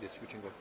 discuting